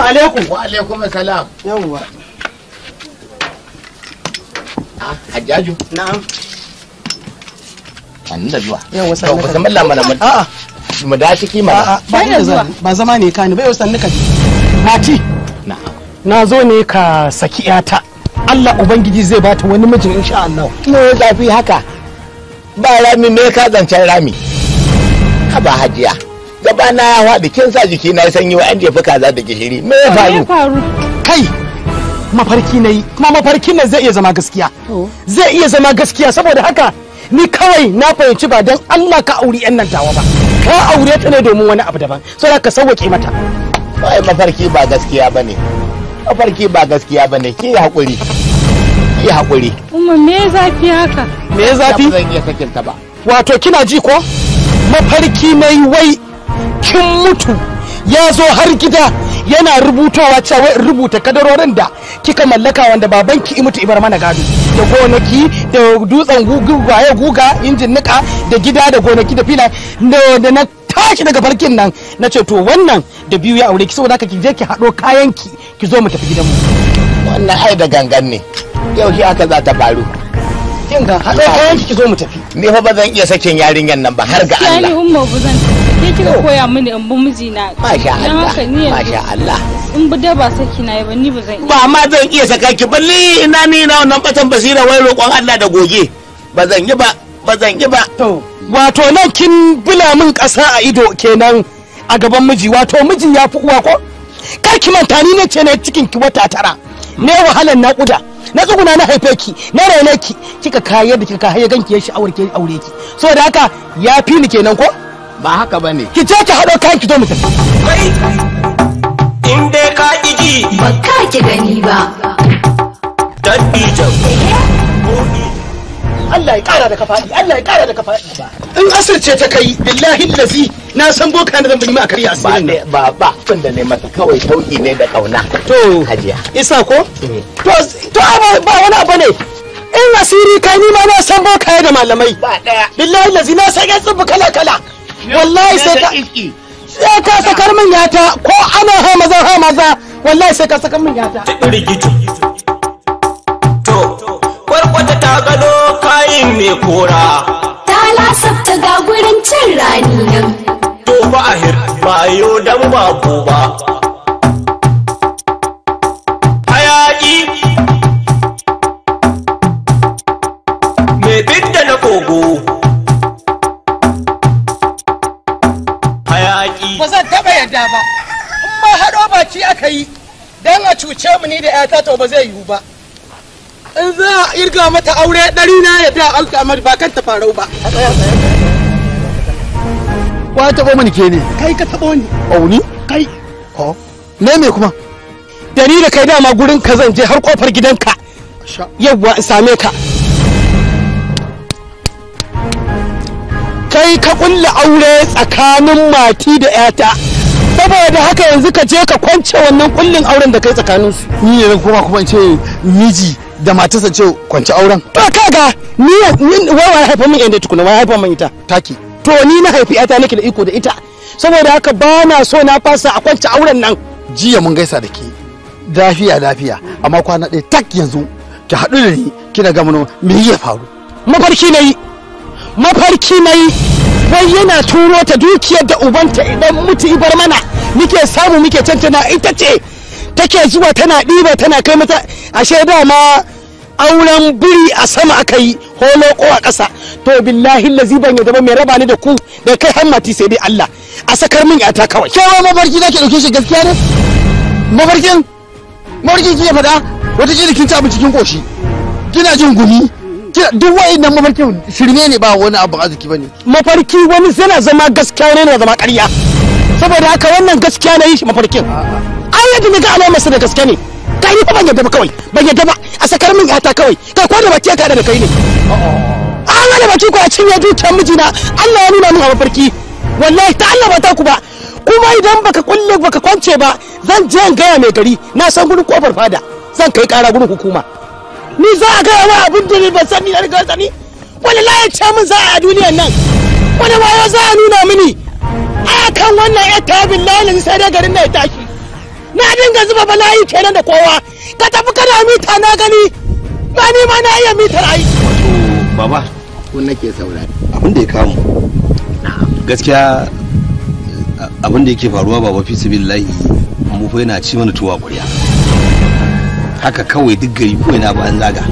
assalamu alaikum wa alaikum assalam yawwa ah hajjaju na'am annin da zuwa yawwa sannan ka zama lamana mu a'a mu da ciki mana ba da zuwa ba zama ne ka ni bai wasan nika mati na'am na zo ne ka saki yata Allah ubangiji zai bata wani mijin insha Allah ne zafi haka ba rami me ka zancen rami ka ba hajiya gaba na ya faɗi kin sa jiki na sanyi wa an jefa kaza da gishiri me ya faru kai mafarki na yi kuma mafarkin nan zai iya zama gaskiya zai iya zama gaskiya saboda haka ni kawai na fahimci ba don Allah ka auri yan nan tawa ba ka aure ta ne domin wani abu daban sai ka sauwake mata ai mafarki ba gaskiya bane mafarki ba gaskiya bane ki hakuri ki hakuri Kuma me zafi haka me zafi zan iya sakin ta ba wato kina ji ko mafarki mai wai kin mutu ya zo har gida yana rubutowa cewa rubuta kadarorin da kika mallaka wanda babanki imutu ibar mana gado da gonaki da dutsen guguwaye guga injin nika da gida da gonaki da fila da na tashi daga farkin nan na ce to wannan da biyu ya aure ki saboda ki je ki haɗo kayan ki ki zo mu tafi gidan mu. wannan ai da gangan ne yau shi aka za ta faru kin ga haɗo kayan ki ki zo mu tafi ni fa ba zan iya sakin yarinyan nan ba har ga Allah Ke kika koya mini in bi mijina. Masha Allah. Masha Allah. In bi da ba saki na ba ni ba zan Ba ma zan iya saka ki balli ina ni na wannan batan basira wai roƙon Allah da goge. Ba zan yi ba. Ba zan yi ba. To. Wato nan kin bula min ƙasa a ido kenan a gaban miji wato miji ya fi uwa ko? Kar ki manta ni ne ce na cikin ki wata tara. Ne wahalan naƙuda. na tsuguna na haife ki na raine ki kika kayi yadda kika kayi ganki ya sha'awar ki aure ki saboda haka ya fi ni kenan ko ba haka bane ki je ki hado kai ki zo mu tafi kai in dai ka iji ba ka ki gani ba dabbi Allah ya kara da ka Allah ya kara da ka in in asirce ta kai billahi lazi na san boka na zan bi ma kariya asirin ne ba ba tun da ne mata kawai tauki ne da kauna to hajiya isa ko eh. to to ba wani abu ne in asiri kai ni ma na san boka da malamai ba daya billahi lazi na san yatsu kala kala wallahi sai ka sai ka sakar min yata ko ana ha maza ha maza wallahi sai ka sakar min yata rigitu to kwarkwata ta gado kayin mai kora ta lasafta ga gurin cin rani nan to ba ahir ba yo dan babu ba ka yi don a cuce mu ni da yata to ba zai yiwu ba in za a irga mata aure ɗari na ya biya alƙamar ba kan ta farau ba wa ya taɓo mani ke ne kai ka taɓo ni auni kai ko ne me kuma da ni da kai dama gurin ka zan je har kofar gidanka yawwa in same ka kai ka kulla aure tsakanin mati da 'yata saboda haka yanzu ka je ka kwance wannan kullin auren da kai tsakanin su ni ne kuma kuma ce miji da matarsa ce kwance auren to kaga ni ni wai haifa min yanda tukuna wai haifa min ita taki to ni na haifi ita nake da iko da ita saboda haka ba na so na fasa a kwance auren nan jiya mun gaisa da ke lafiya lafiya amma kwana ɗaya tak yanzu ki haɗu da ni kina ga mano me ya faru mafarki na yi mafarki na yi wai yana turo ta dukiyar da ubanta idan mutu ibar mana muke samu muke cancana ita ce take zuwa tana ɗiba tana kai mata ashe ma auren biri a sama aka yi holoko a ƙasa to billahi lazi ban yadda ba mai raba ni da ku da kai hammati sai dai Allah a sakar min yata kawai kewa mafarki nake dauke shi gaskiya ne mafarkin mafarkin ya faɗa wata kila kin ci abinci kin koshi kina jin gumi duk wa'annan mafarkin shirme ne ba wani abu arziki bane mafarki wani zana zama gaskiya ne yana zama ƙarya saboda aka wannan gaskiya na yi shi mafarkin an yadda na ga alamar sa da gaske ne ka ni fa ban yadda ba kawai ban yadda ba a sakar min yata kawai ka ko da baki ka da kai ne an wani baki ko a cinye dukiyar mijina Allah ya nuna min a mafarki wallahi ta Allah ba ta ku ba kuma idan baka kulle baka kwance ba zan je in gaya mai gari na san gurin kofar fada zan kai kara gurin hukuma ni za a gaya wa abin da ni ban sani na riga sani wani layar ce min za a duniyar nan wani wayo za a nuna mini kan wannan ya ta lalin sai dai garin na ya tashi na dinga zuba bala'i kenan da kowa ka tafi kana mita na gani ba ni ma na iya mitar ai baba ko nake saurari abin da ya kamu gaskiya abin da yake faruwa baba fi sibillahi mu fa yana ci mana tuwa ƙwarya haka kawai duk gari ko yana ba an zaga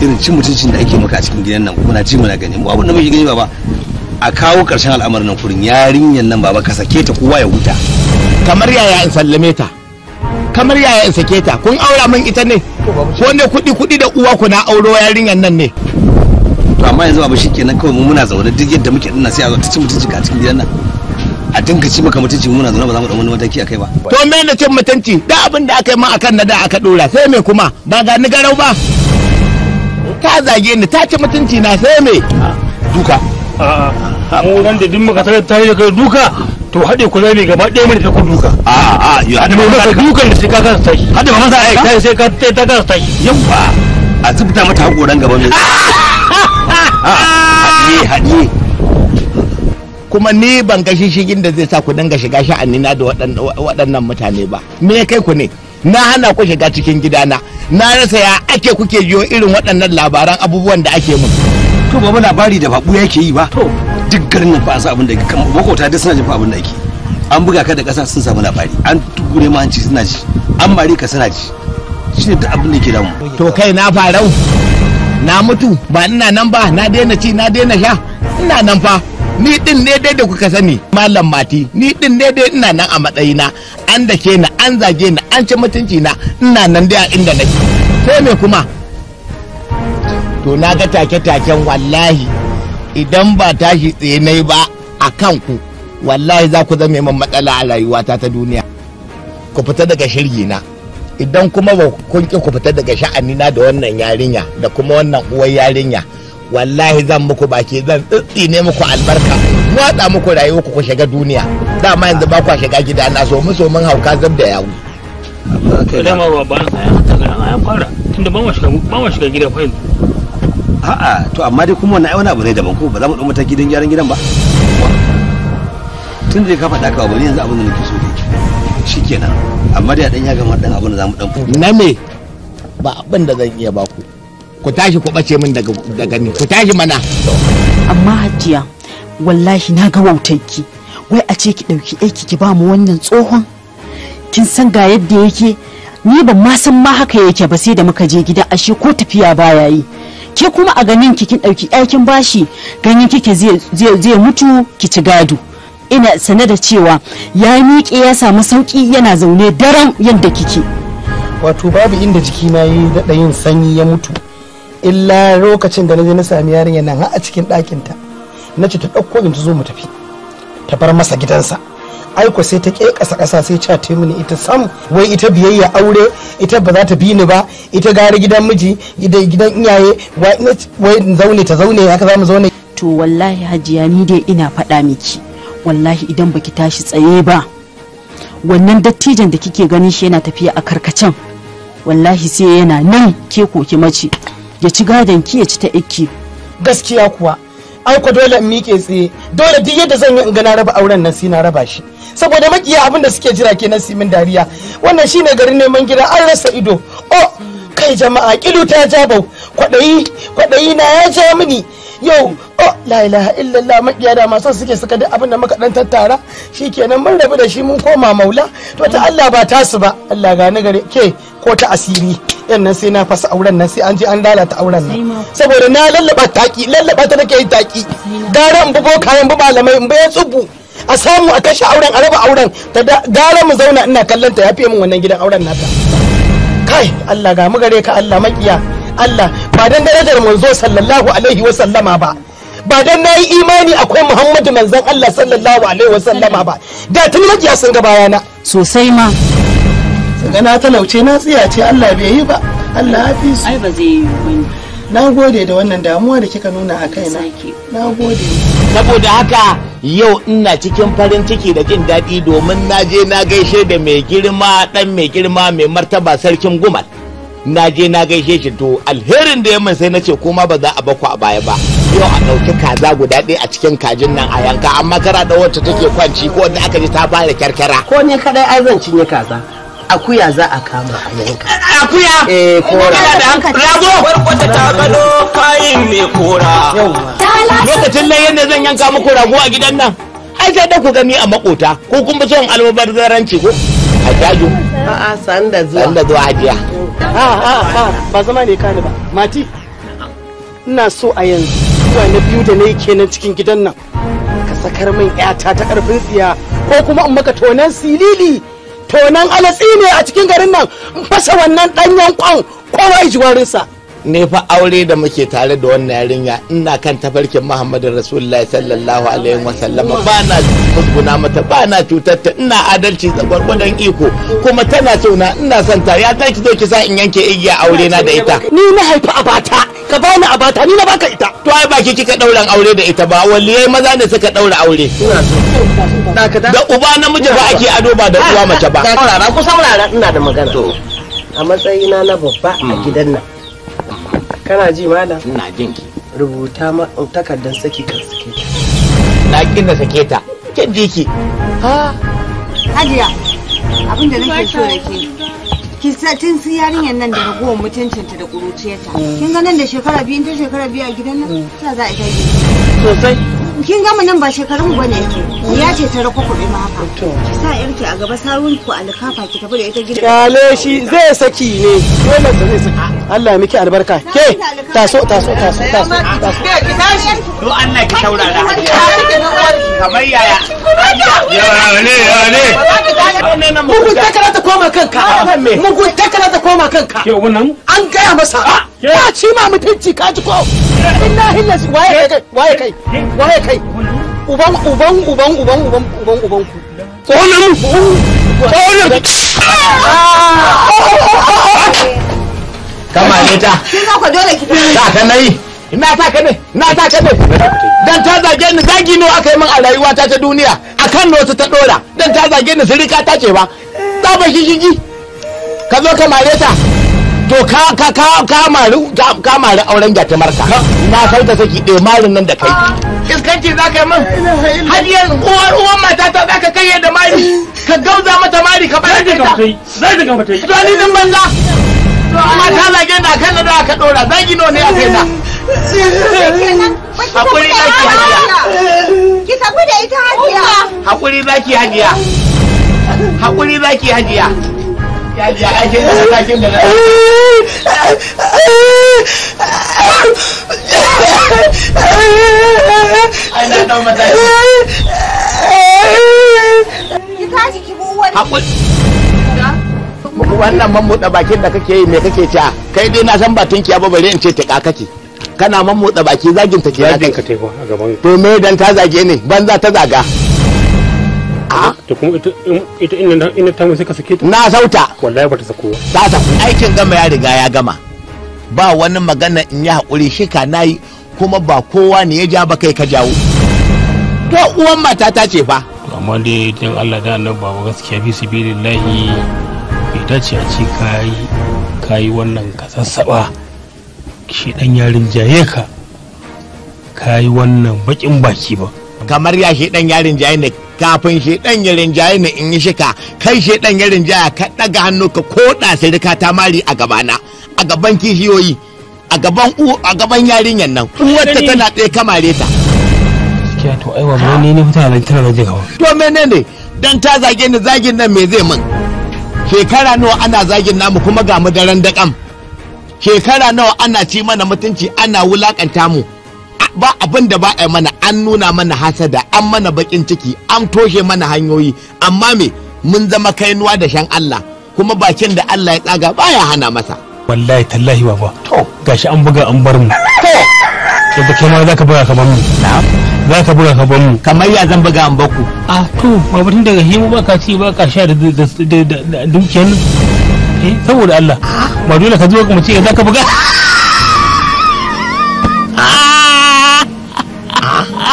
irin cin mutuncin da ake maka a cikin gidan nan kuma na ci mana gani mu abin da muke gani baba a kawo ƙarshen al'amarin nan kurin yarinyar nan baba ka sake ta kowa ya huta kamar yaya in sallame ta kamar yaya in sake ta kun aura min ita ne ko ne kuɗi kuɗi da uwa ku na auro yarinyar nan ne to amma yanzu babu shikenan kawai mu muna zaune duk yadda muke dinna sai a zo ta ci mutunci ka cikin gidan nan a dinka ci maka mutunci muna zaune ba za mu dauki mataki akai ba to me ne cin mutunci da abin da aka yi akan na da aka dora sai me kuma ba ga ni garau ba ta zage ni ta ci mutunci na sai me duka a'a mu ran da duk muka tare da kai duka to haɗe ku zai gaba ɗaya mai ta ku duka A a'a haɗe mai maka duka da sai ka kasa tashi haɗe mai maka aika sai ka ta kasa tashi yamma a zubta mata hakoran gaban mu haɗiye haɗiye kuma ni ban ga shishigin da zai sa ku danga shiga sha'anina da waɗannan mutane ba me kai ku ne na hana ku shiga cikin gidana na rasa ya ake kuke jiyo irin waɗannan labaran abubuwan da ake mun to ba labari da babu yake yi ba duk garin nan ba a san abin da yake kan makota da suna jin abin da yake an buga ka da ƙasa sun samu labari an tukure ma hanci suna ji an mare ka suna ji shi ne duk abin da yake damu to kai na farau na mutu ba ina nan ba na daina ci na daina sha ina nan fa ni din ne dai da kuka sani malam mati ni din ne dai ina nan a matsayina an da ke na an zage na an ci mutunci na ina nan dai a inda nake sai me kuma to na ga take-taken wallahi idan ba tashi tsaye na ba a kanku wallahi za ku zama mai matsala a rayuwata ta duniya ku fita daga shirgi na idan kuma ba kun ki ku fita daga sha'ani na da wannan yarinya da kuma wannan uwar yarinya wallahi zan muku baki zan tsitsine muku albarka watsa muku rayuwa ku shiga duniya dama yanzu ba kwa shiga gidana na so mu so mun hauka zab da yawo. ba ba ya fara. tunda ba ma shiga ba wa shiga gidan fayil a'a to amma dai kuma wannan ai wani abu ne daban ko ba za mu dau mataki don gyaran gidan ba tun da ka faɗa ka ba ne yanzu abin da nake so ne shikenan amma dai a dan ya gama dan abin da za mu dan na me ba abin da zan iya baku ku tashi ku bace min daga daga ni ku tashi mana amma hajiya wallahi na ga wautanki wai a ce ki dauki aiki ki ba mu wannan tsohon kin san ga yadda yake ni ban ma san ma haka yake ba sai da muka je gida ashe ko tafiya baya yi ke kuma a ganin kikin ɗauki ɗakin bashi ganin kike zai mutu ki ci gado ina sane da cewa ya miƙe ya samu sauƙi yana zaune daren yadda kike wato babu inda jiki na yi daɗa yin sanyi ya mutu illa lokacin da na je na sami yarinya nan har a cikin ɗakinta na ce ta ɗauko in ta zo mu tafi ta bar masa gidansa aiko sai ta ke kasa kasa sai ce ta mini ita sam wai ita biyayya aure ita ba za ta bi ni ba ita gari gidan miji gidan iyaye wai zaune ta zaune haka za mu zaune to wallahi hajiya ni dai ina faɗa miki wallahi idan baki tashi tsaye ba wannan dattijan da kike ganin shi yana tafiya a karkacin? wallahi sai yana nan ke koki mace ya ci gadon ki ya ci ta ikki gaskiya kuwa ai dole in miƙe tsaye dole duk yadda zan yi in ga na raba auren nan sai na raba shi saboda makiya abin da suke jira kenan su min dariya wannan shine garin neman gida an rasa ido oh kai jama'a kilu ta jabau kwaɗayi kwadayi na ya ja mini yau oh la ilaha illallah makiya da masu suke suka da abin da muka dan tattara shikenan mun rabu da shi mun koma maula to ta Allah ba tasu ba Allah gani gare ke ko ta asiri yan nan sai na fasa auren nan sai an je an lalata auren nan saboda na lallaba taki lallaba ta nake yin taki gara in bugo kayan bu malamai in bai tsubu a samu a kashe auren a raba auren ta gara mu zauna ina kallon ta yafi min wannan gidan auren nata kai Allah ga mu gare ka Allah makiya Allah ba dan darajar manzo sallallahu alaihi wa sallama ba ba dan nayi imani akwai Muhammadu manzon Allah sallallahu alaihi wa sallama ba da tun makiya sun ga bayana sosai ma ga na talauce na tsiya ce Allah bai yi ba Allah hafi su ai ba zai yi na gode da wannan damuwa da kika nuna a kaina na gode saboda haka yau ina cikin farin ciki da jin daɗi domin na je na gaishe da mai girma ɗan mai girma mai martaba sarkin gumal na je na gaishe shi to alherin da ya sai na ce kuma ba za a baku a baya ba yau a ɗauki kaza guda ɗaya a cikin kajin nan a yanka amma kara da wacce take kwanci ko wanda aka ji ta fara kyarkyara ko ne kadai ai zan cinye kaza akuya za a kama a yanka akuya eh kora rago barkwata ta gado kayin mai kora lokacin nan yadda zan yanka muku rago a gidan nan ai sai da ku gani a makota ko kun bi son almubazzaranci ko a jajo a'a sanda zuwa sanda zuwa hajiya a'a ah, ah, ah. ba zama ne kani ba mati ina so a yanzu zuwa na biyu da na yi kenan cikin gidan nan ka sakar min 'yata ta karfin tsiya ko kuma in maka tonan silili tonan alatsi ne a cikin garin nan fasa wannan ɗanyan kwan kowa ya ji warinsa ne fa aure da muke tare da wannan yarinya ina kan tafarkin Muhammadu Rasulullahi sallallahu alaihi wa sallam ba na musguna mata ba na cutarta ina adalci gwargwadon iko kuma tana sona ina son ta ya zo ki sa in yanke igiya aure na da ita ni na haifi abata ka bani abata ni na baka ita to ai baki kika dauran aure da ita ba waliyai maza ne suka daura aure da uba namiji ba ake ado ba da uwa mace ba saurara ku saurara ina da magana a matsayina na babba a mm. gidan nan kana ji malam ina jin ki rubuta ma takardar saki kan sake na kin da sake ta kin ji ki ha ah, hajiya abin da nake so yake. tun su yarinyar nan da ragowar mutuncinta da ƙuruciyarta kin ga nan da shekara biyu ta shekara biyu a gidan nan ta za a ta yi sosai kin gama nan ba shekarun ba ne ya ce ta rako kuɗi ma haka ki sa yarki a gaba sarun ku alkafa ki tafi da ita gidan kale shi zai saki ne dole zai saki Allah ya miki albarka ke taso taso taso taso to Allah ki taurara kamar yaya yawa ne yawa ne mugun takara ta koma kanka mugun takara ta koma kanka ke wannan an gaya masa ya ci ma mutunci ka ji ko inna hillahi waye kai waye kai waye kai uban uban uban uban uban uban uban ku ko nan ko nan ita kin za ku dole ki ina ta ka ne na ta ka ne dan ta zage ni zagi ne aka yi min a rayuwa ta ta duniya akan nosu ta dora dan ta zage ni sirika ta ce ba ta ba shishigi ka zo ka mare ta to ka ka ka ka mari ka mari auren gyatumar ka na kai ta saki ɗaya eh, marin nan da kai ah, iskanci za ka yi min har yanzu uwar uwar mata ta za ka kai yadda mari ka gauza mata mari ka bayar da ta zai da ka mutai to ni din banza Kuma ta zage da kan da aka dora zagi no ne a kai na hakuri zaki hajiya ki tafi da ita hajiya hakuri zaki hajiya hakuri zaki hajiya da da ki hakuri wannan mammuɗa bakin da kake yi me kake ci ah, kai dai na san ba tunkiya ba bare in ce tiƙa kake kana mammuɗa baki zagin ta kenan zagin ka tai a gaban to me dan ta zage ne banza ta zaga ah. to kuma ita ita inda inda ta sai ka sake ta na sauta wallahi ba ta sako ta sako aikin gama ya riga ya gama ba wani magana in yi haƙuri shi ka nayi kuma ba kowa ne ya ja ba kai ka jawo to uwan matata ce fa amma dai dan Allah da annabawa gaskiya bi su bi lillahi ce a ce ka yi wannan ka sassaɓa shi ɗan yarin jaye ka ka yi wannan baƙin baki ba kamar ya shi ɗan yarin jaye ne kafin shi ɗan yarin jaye ne in yi shika kai shi ɗan yarin jaye ka ɗaga hannu ka koɗa sai ta mari a gabana a gaban kishiyoyi a gaban u a gaban yarinyar nan uwarta tana tsaye kamare ta gaskiya to aiwa ne ne mutanen tana da jigawa to menene dan ta zage ni zagin nan me zai min shekara nawa ana zagin namu kuma ga mu daren daƙam shekara nawa ana ci mana mutunci ana wulakanta mu ba abin da ba a mana an nuna mana hasada an mana bakin ciki an toshe mana hanyoyi amma me mun zama kainuwa da shan Allah kuma bakin da Allah ya tsaga baya hana masa wallahi tallahi baba to gashi an buga an bar mu to yadda kai ma zaka buga kamar mu na'am za ka buga ka mu kamar ya zan buga an baku a to ba mutum daga himu ba ka ci ba ka sha da dukiyar eh saboda Allah ba dole ka zo ka mace za ka buga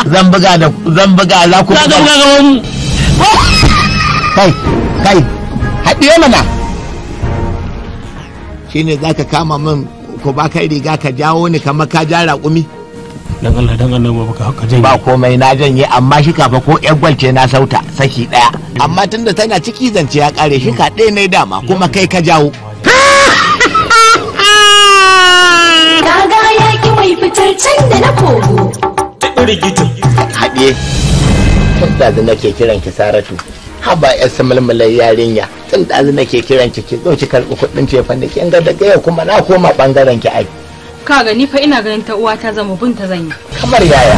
zan buga da zan buga za ku buga buga ga mu kai kai haɗiye mana shine za ka kama min ko ba kai riga ka jawo ni kamar ka ja raƙumi dan Allah dan Allah ba ka janye ba komai na janye amma shi kafa ko yar gwalce na sauta saki daya amma tunda tana ciki zance ya kare shi ɗaya nai dama kuma kai ka jawo kaga yaki mai fitar can da na kogo ta haɗe tun da nake kiran ki saratu haba yar samalmalar yarinya tun da nake kiran ki ki zo ki karɓi kuɗin cefan da ke ga daga yau kuma na koma ɓangaren ki ai ka gani fa ina ganin ta uwa ta zama bin ta zanyi kamar yaya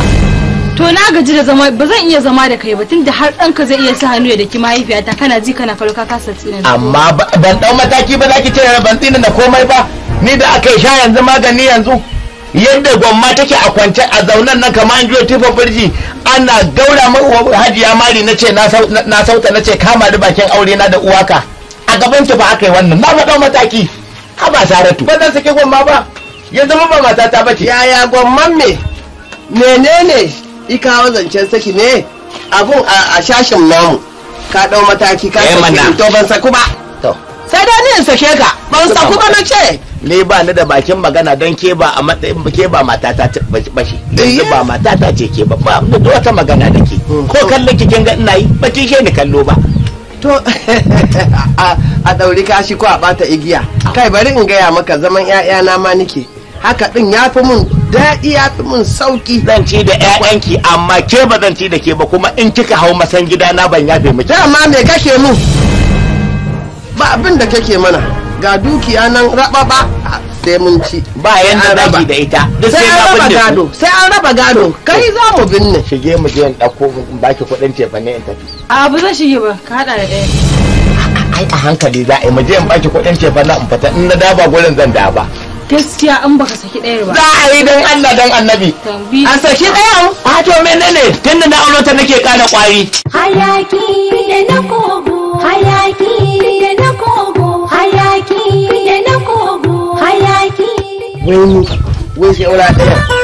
to na gaji da zama ba zan iya zama da kai ba tunda har ɗanka zai iya sa hannu ya daki mahaifiyata kana ji kana farka ka sa tsinin amma ban ɗau mataki ba zaki ce ban tsinin da komai ba ni da aka sha yanzu magani yanzu yadda gwamma take a kwance a zaunan nan kamar an jiyo tufa birji ana gaura mai hajiya mari na ce na sauta na ce kama da bakin aure na da uwaka a gaban ta ba aka yi wannan na ba dau mataki Ba saratu ba zan sake gwamma ba ya zama ba matata ba ke. yaya gwamman me menene ikawa zancen saki ne abun a shashin namu ka dau mataki ka eh, saki to ban saku ba to sai da ni in sake ka ban saku ba na ce ne ba ni da bakin magana don ke ba a matsayin ke ba matata ba shi ba matata ce ke ba ba wata magana da ke hmm. ko kallon kikin ga ina yi ba ki ni kallo ba to a dauri kashi ko a bata igiya ah. kai bari in gaya maka zaman 'ya'yana ma nike haka din ya fi mun daɗi ya fi mun sauki zan ci da ƴaƴanki amma ke ba zan ci da ke ba kuma in kika hau masan gida na ban yafe miki amma me kake mu ba abin da kake mana ga dukiya nan rababa sai mun ci ba yanda zaki da ita sai an raba gado sai an raba gado kai za mu binne shige mu je in dauko in baki kuɗin tefa ne in tafi a ba zan shige ba ka hada da ɗaya ai a hankali za a yi mu je in baki kuɗin tefa na in fita in na daba gurin zan daba gaskiya an baka saki ɗaya ba za a yi don Allah don annabi a saki ɗaya a to menene tun da na aure ta nake kana kwari hayaki da na kogo hayaki da na kogo hayaki da na kogo hayaki wai wai sai ɗaya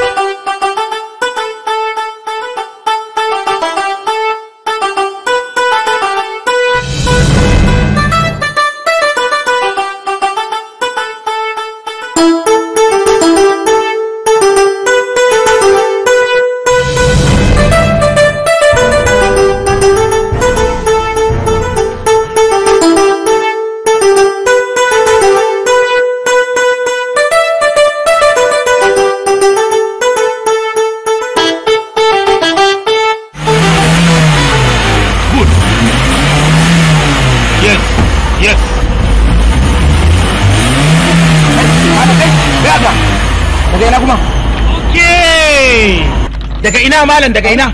malam daga ina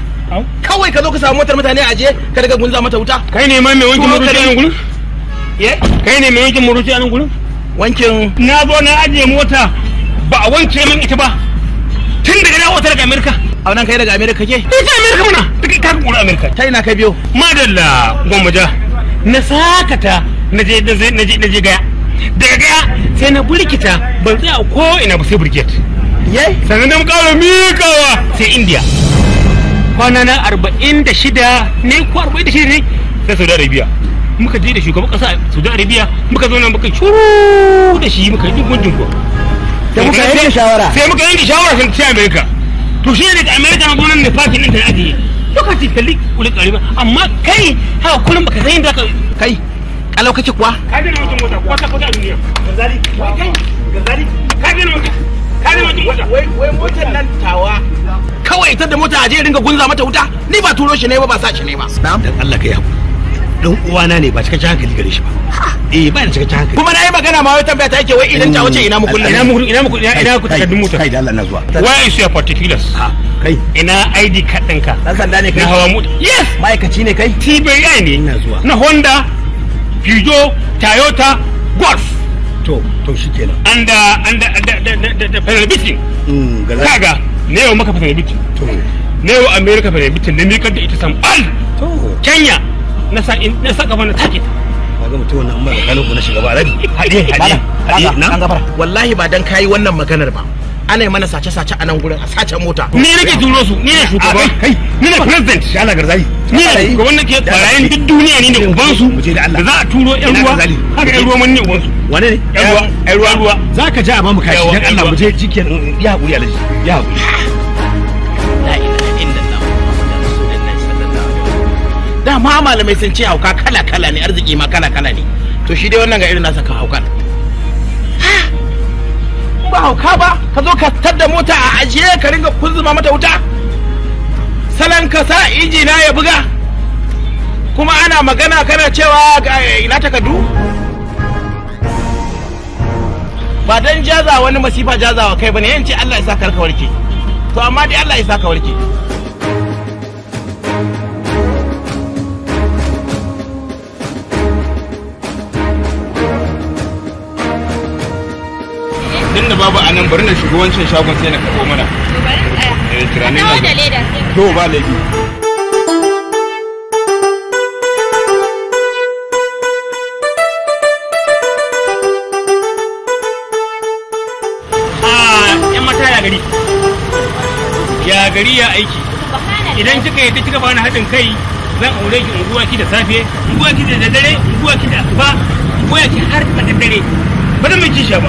kawai ka zo ka samu motar mutane a je ka daga gunza mata wuta kai ne mai wankin muruci a nan gurin kai ne mai wankin muruci a nan gurin wankin na zo na ajiye mota ba a wanke min ita ba tun daga na wata daga amerika a nan kai daga amerika ke ita amerika muna duk ka kura amerika ta ina ka biyo madalla gwammaja na sakata na je na je na je gaya daga gaya sai na burkita ban tsaya ko ina ba sai burget ye sannan na mu kawo mikawa sai india kwana na arba'in da shida ne ko arba'in da shida ne na saudi arabia muka je da shugaban kasa saudi arabia muka zo nan muka shuru da shi muka yi duk ko da muka shawara sai muka yi shawara sun ci america to shi ne da america na gonan ne fatin ɗin ta ajiye lokaci kalli kuli kariba amma kai haka kullum baka san yadda kai a lokaci kuwa ka je na mutum mota kwata kwata a duniya gazali kai gazali ka je na mutum ka je na mutum mota wai motar nan tawa kawai ta da mota aje ringa gunza mata wuta ni ba turo shi ne ba ba sa shi ne ba dan Allah kai hakuri dan uwana ne ba cikakken hankali gare shi ba eh ba ni cikakken hankali kuma na yi magana ma wai tambaya ta yake wai idan ta wuce ina mu kullu ina mu ina mu ina ku takardun mota kai da Allah na zuwa why is your particulars kai ina ID card ɗinka dan sanda ne kai hawa mota yes ma'aikaci ne kai TBI ne ina zuwa na Honda Peugeot Toyota Golf to to shikenan and and the, the, the, the, the the the ne yau maka fasa bitin ne yau amerika fasa bitin ne mikar da ita sam al kenya na sa na sa kafa na take ta ga mutum wannan amma da kalubu na shiga ba rabi hadiye hadiye na wallahi ba dan kai wannan maganar ba ana yi mana sace-sace a nan gurin a sace mota ni nake turo su ni ne shugaba ni ne president Allah garzali ni ne ga wannan ke barayin duk duniya ni ne uban su da za a turo yan ruwa haka yan ruwa mun ne uban su wane ne yan ruwa yan ruwa ruwa ka ji a ba mu kashi dan Allah mu je jikin ya hakuri Allah. ya hakuri dama malamai sun ce hauka kala-kala ne arziki ma kala-kala ne to shi dai wannan ga irin nasa ka hauka. ba hauka ba ka zo ka tadda mota a ajiye ka ringa kuzuma mata wuta salon ka sa injina ya buga kuma ana magana kana cewa ga ina takardu ba dan jaza wani masifa jazawa kai bane yanci Allah ya saka karka warke to amma dai Allah ya saka warke tunda babu anan bari na shigo wancan shagon sai na karɓo mana eh, to ba laifi ah, gari ya gari ya aiki idan kika yadda kika bani haɗin kai zan aure ki unguwa ki da safe unguwa ki da dare unguwa ki da ba unguwa ki har da dare ba da mai kisha ba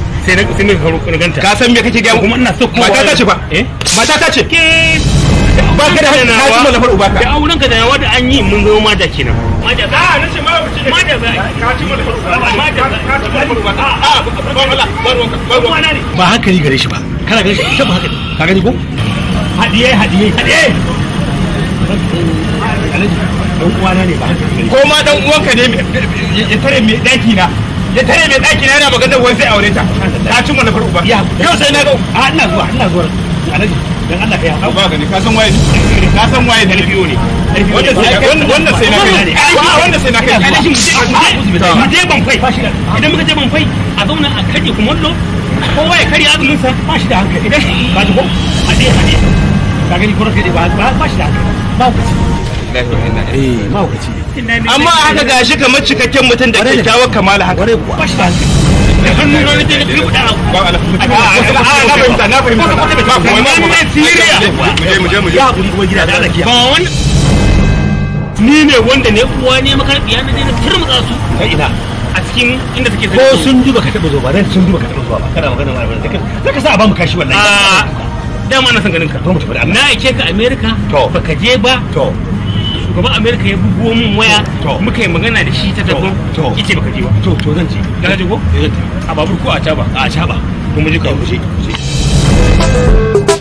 sai na sai na ganta ka san me kake gaya kuma ina so kuma mata ta ce fa eh mata ta ce ba ka da hannun ka ji mallafar uba ka da auren ka da yawa da an yi mun zo ma da kenan ma da za na ce ma wuce ma da za ka ci mallafar uba ma da ka ci mallafar uba a a ba wala ba wala. ba ruwanka ba hankali gare shi ba kana gare shi ba hankali ka gani ko hadiye hadiye hadiye ko ma dan uwanka ne ya tare mai daki na ya tare mai ɗaki na yana magana wai sai aure ta ta cin wani faru ba yau sai na ga a ina zuwa ina zuwa alaji dan Allah kai hawo ba gani ka san waye ka san waye da biyo ne wannan sai wannan sai na kai wannan sai na kai mu je ban fai idan muka je ban fai a zauna a kaje kuma wallo kowa ya karya azumin sa ba shi da hankali idan ba ta ko a dai a dai ka gani ko ba ba shi da hankali ba ku ci lafiya ina eh ma ku ci amma a haka gashi kamar cikakken mutum da kyakkyawar kamala haka da hannu ni ne wanda ne uwa ne makarfiya na ne na turmutsa su ta ina a cikin inda suke ko sun duba ka taba zuwa ba dan sun duba ka taba zuwa ba kana magana ba zaka sa a ba mu kashi wallahi dama na san ganin ka to mu tafi da na aike ka America to baka je ba to shugaban amerika ya bugo mun waya muka yi magana da shi ta daban yace baka je ba to to zan ci ga ji ko eh, a babur ko a caba a caba kuma ji ka wuce eh,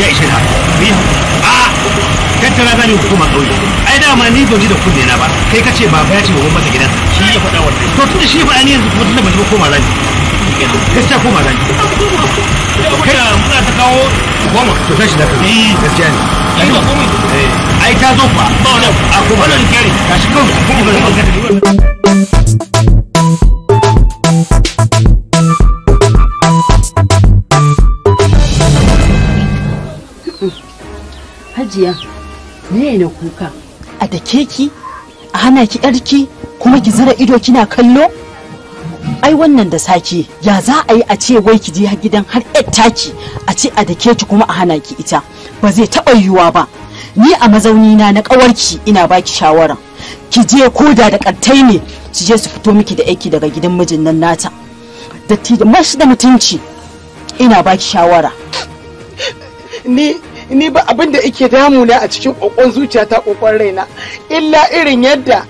ya ishe ta ni a tattara zani hukuma kauye ai dama ni ban ji da kunne na ba kai ka ce baba ya ce babban masa gidan shi ya faɗa wannan to tunda shi faɗa ni yanzu kuma tunda ban ji koma zani gaskiya koma zani kai muna ta kawo goma to tashi da kai eh gaskiya ne ai eh. ka zo fa ba wannan a kuma nan kare gashi kawai kuma ban rijiya me na kuka a da ki, a hana ki yarki kuma ki zira ido kina kallo ai wannan da sake ya za a yi a ce wai ki je gidan har taki a ce a da ki kuma a hana ki ita ba zai taɓa yiwuwa ba ni a mazauni na na ƙawarki ina baki shawara ki je koda da ƙartai ne su je su fito miki da aiki daga gidan mijin nan nata da mashi da mutunci ina baki shawara ni ni ba abin da ike damuna a cikin kokon zuciyata kokon raina illa irin yadda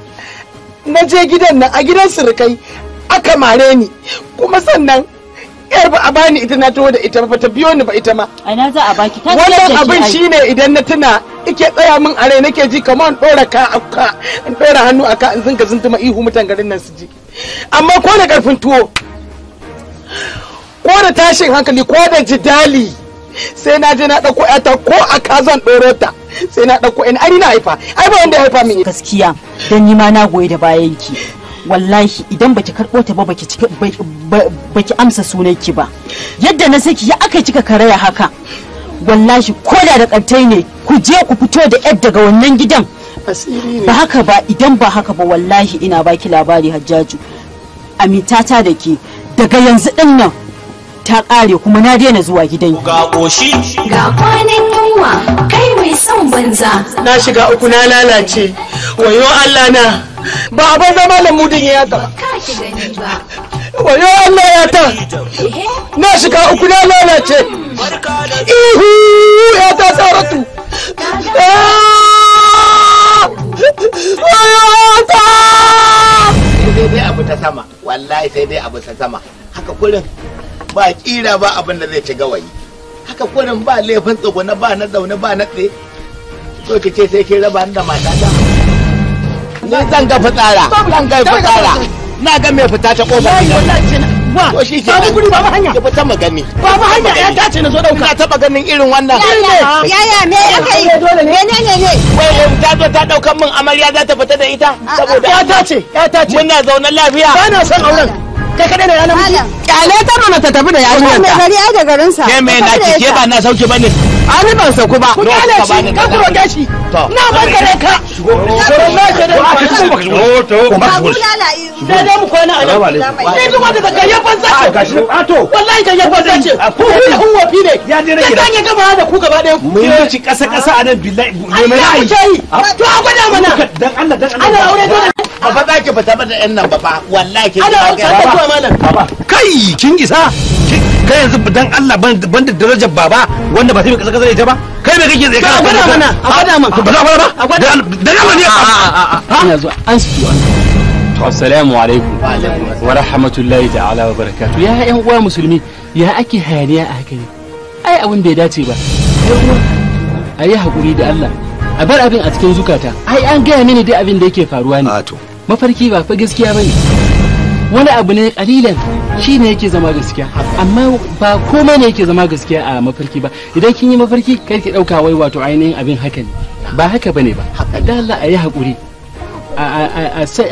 na je gidan nan a gidan surukai aka mare ni kuma sannan yar ba a bani ita na taho da ita ba ta biyo ni ba ita ma ina za a baki ta wannan abin shine idan na tuna ike tsaya min a rai nake ji kamar in dora ka in dora hannu ka in zinka zintuma ihu mutan garin nan su ji amma ko da karfin tuwo ko da tashin hankali ko da jidali sai na je na ɗauko ta ko a kazan ɗoro sai na ɗauko ina ari na haifa ai ba wanda ya haifa min gaskiya dan ni ma na goye da bayan ki wallahi idan baki karɓo ta ba baki cika baki amsa sunan ki ba yadda na saki ya aka kika karaya haka wallahi ko da da kantai ne ku je ku fito da yadda daga wannan gidan ba haka ba idan ba haka ba wallahi ina baki labari hajjaju amintata dake daga yanzu din nan ta ƙare kuma na daina zuwa gidan ga ƙoshi ga kwanan yunwa kai mai son banza na shiga uku na lalace wayo Allah na ba abin zama lamudin ya ta wayo Allah ya ta na shiga uku na lalace ihu ya ta saratu ah! wayo ta sai dai abu ta sama wallahi sai dai abu ta sama haka kullum ba kira ba abin da zai ci gawayi haka kwarin ba laifin na ba na zaune ba na tsaye so ki ce sai ki raba ni da matata ni zan ga fitsara zan ga fitsara na ga mai fita ta kofar gidan ba to shi ke babu guri babu hanya ki fita magani babu hanya ya dace na zo dauka ina taba ganin irin wannan ya ya me aka yi menene ne wai ta zo ta daukan min amarya za ta fita da ita saboda ya dace ya dace muna zaune lafiya ba na son auren kai kada da yana miji kyale ta mana ta tafi da yarinyar ta gari ai da garin sa ke me na kike ba na sauki bane an ban saku ba ku kyale shi ka kuro da shi na ban da ka shigo na da ka shigo ba ba mu kwana a nan sai zuwa daga gari ban ka gashi a wallahi kan ce ku ku wafi ne ya je ne kan ya gaba da ku gaba ɗaya ku mun ci kasa kasa a nan billahi mai mai ai to a gwada mana dan Allah dan Allah ana aure dole ba fa ki fita ba yan nan ba fa wallahi ki ba ga malam kai kin isa kai yanzu dan Allah ban da darajar baba wanda ba sai kasa kasa ita ba kai me kake tsaye ka gwada mana a gwada mana ba za a gwada ba da Allah ne a ina zuwa an su to assalamu alaikum wa rahmatullahi ta'ala wa barakatuh ya ƴan uwa musulmi ya ake hayaniya a haka ne ai abin bai dace ba a yi haƙuri da Allah a bar abin a cikin zukata ai an gaya mini dai abin da yake faruwa ne mafarki ba fa gaskiya bane wani abu ne kalilan shi ne yake zama gaskiya amma ba komai ne yake zama gaskiya a mafarki ba idan kin yi mafarki kai ki dauka wai wato ainihin abin haka ne ba haka ba ne ba da Allah a yi hakuri a sa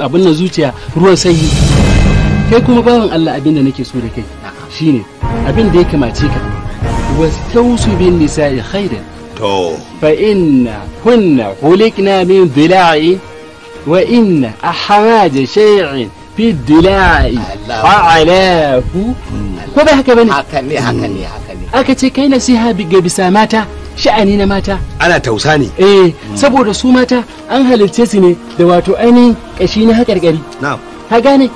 abin na zuciya ruwan sanyi kai kuma bawan Allah abin da nake so da kai shine abin da ya kamace ka wastausu bin nisa'i khairan to fa inna hunna khuliqna min dhila'in وإن أحواج شيء في الدلاء علاه ko bai haka bane haka ne haka ne haka ne aka ce kai nasiha ga bisa mata sha'ani na mata ana tausa ne eh saboda su mata an halicce su ne da wato ainihin kashi na hakarkari na'am ka gane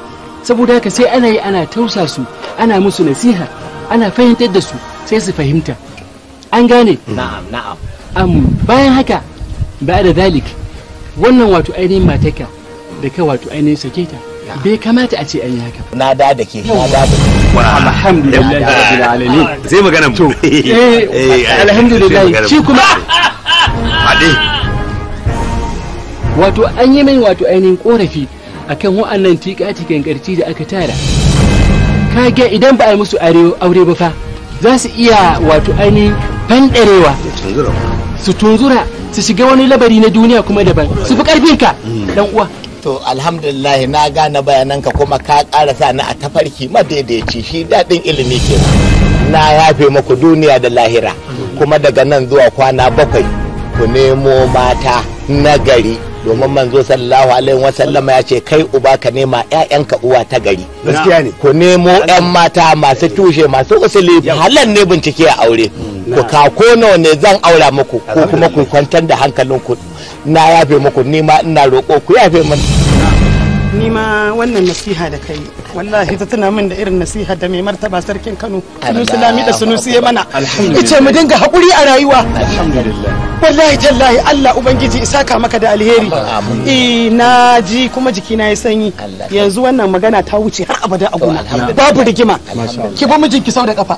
saboda haka sai ana yi ana tausa su ana musu nasiha ana fahimtar da su sai su fahimta an gane na'am na'am bayan haka ba da dalik wannan wato ainihin mataka da ka wato ainihin sake ta bai kamata a ce an yi haka na da da ke na da da alhamdulillah rabbil alamin zai magana mu. Eh, eh, eh, eh alhamdulillah shi kuma ade wato an yi mai wato ainihin korafi akan wa'annan tika-tikan karci da aka tara kage idan ba a yi musu aure ba fa za su iya wato ainihin fanɗarewa su tunzura su shiga wani labari na duniya kuma daban su fi karfin ka mm. dan uwa to alhamdulillah na gane bayananka kuma ka karasa ni a tafarki madaidaici shi daɗin ilimi ke na yafe muku duniya da lahira mm. kuma daga nan zuwa kwana bakwai ku nemo mata na gari domin manzo sallallahu alaihi wasallama ya ce kai uba ka nema ƴaƴanka uwa ta gari gaskiya ne ku nemo ƴan mata masu tushe masu usuli halan ne bincike a aure mm. ku ka ko nawa ne zan aura muku ko kuma ku kwantar da hankalinku na yafe muku nima ina roƙo ku yafe mana. ni ma wannan nasiha da kai wallahi ta tuna min da irin nasiha da mai martaba sarkin Kano Sunusi Lami da Sunusi ya mana ice mu dinga hakuri a rayuwa wallahi tallahi Allah ubangiji isaka maka da alheri eh na ji kuma na ya sanyi yanzu wannan magana ta wuce har abada a gona babu rigima ki ba mijinki sau da kafa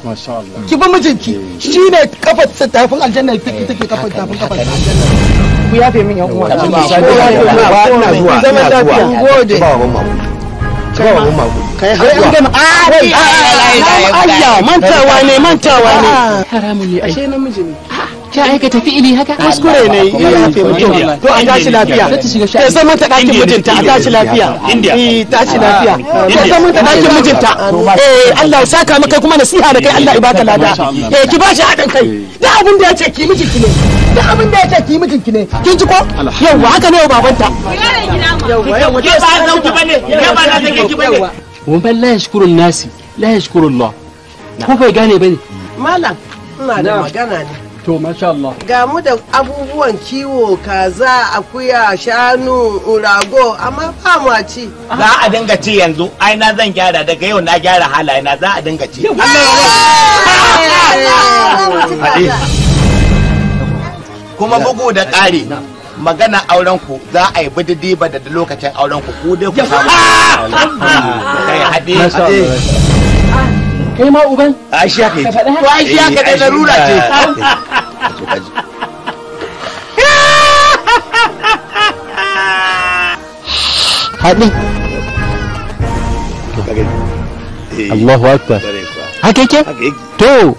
ki ba mijinki eh. shine kafa tafin aljanna take kafa tafin kafa aljanna ku yafe min yan uwa ba ba a ah. ah, haka kuskure ne ya yafe mutum to a tashi lafiya ta zama ta dakin mijinta a tashi lafiya eh tashi ah. lafiya ta ta dakin mijinta eh Allah ya saka maka kuma nasiha da kai Allah ya baka lada eh ki ba shi kai da abin da ya ce ki miji ki duk abin da ce ki mijinki ne kin ji ko yawa haka ne babanta yawa yawa ke ba zan ki bane ke ba na take ki bane wa man la yashkuru nasi la yashkuru Allah ko bai gane bane malam ina da magana ne to masha Allah ga mu da abubuwan kiwo kaza akuya shanu urago amma ba mu a ci za a dinga ci yanzu ai na zan gyara daga yau na gyara halaye na za a dinga ci Allah kuma bugu da ƙari magana auren ku za a yi bididi ba da lokacin auren ku ku dai ku samu ah! kai kai ma uban a shi haka yake to a shi haka dai eh, larura ce haɗi Allahu Akbar hakeke to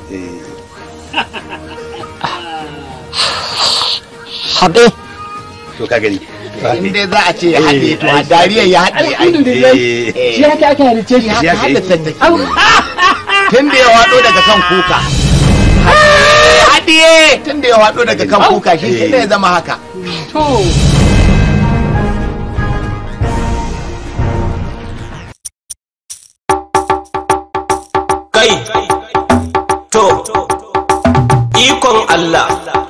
haɗe to ka gani in dai za a ce ya haɗe to eh, a dariya ya haɗe ai eh. shi ya ka aka halice shi ya ka haɗe ta tun da ya waɗo daga kan kuka eh, haɗe tun da ya waɗo daga kan kuka shi tun da ya zama haka to kai to ikon Allah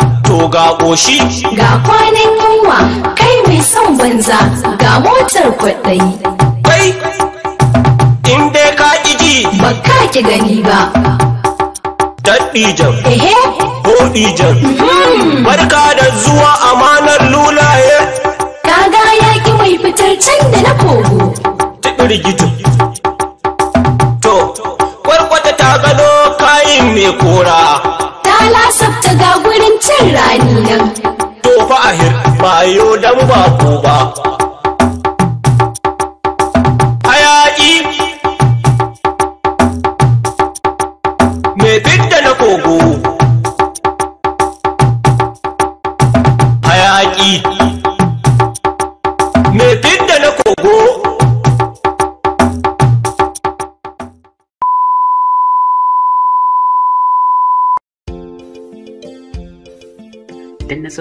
ga ƙoshi. Ga kwanan yunwa kai mai son banza ga motar kwaɗayi. Kai, in dai ka ƙiji. Ba ka ki gani ba. Daɗi jam. Ehe. Hoɗi jam. Hmm. Barka da zuwa amanar lulaye. ga ya ki mai fitar can da na kogo. Tiɗir To, kwarkwata ta gado kayin mai kora. to fa ahir ba yo dan ba ko ba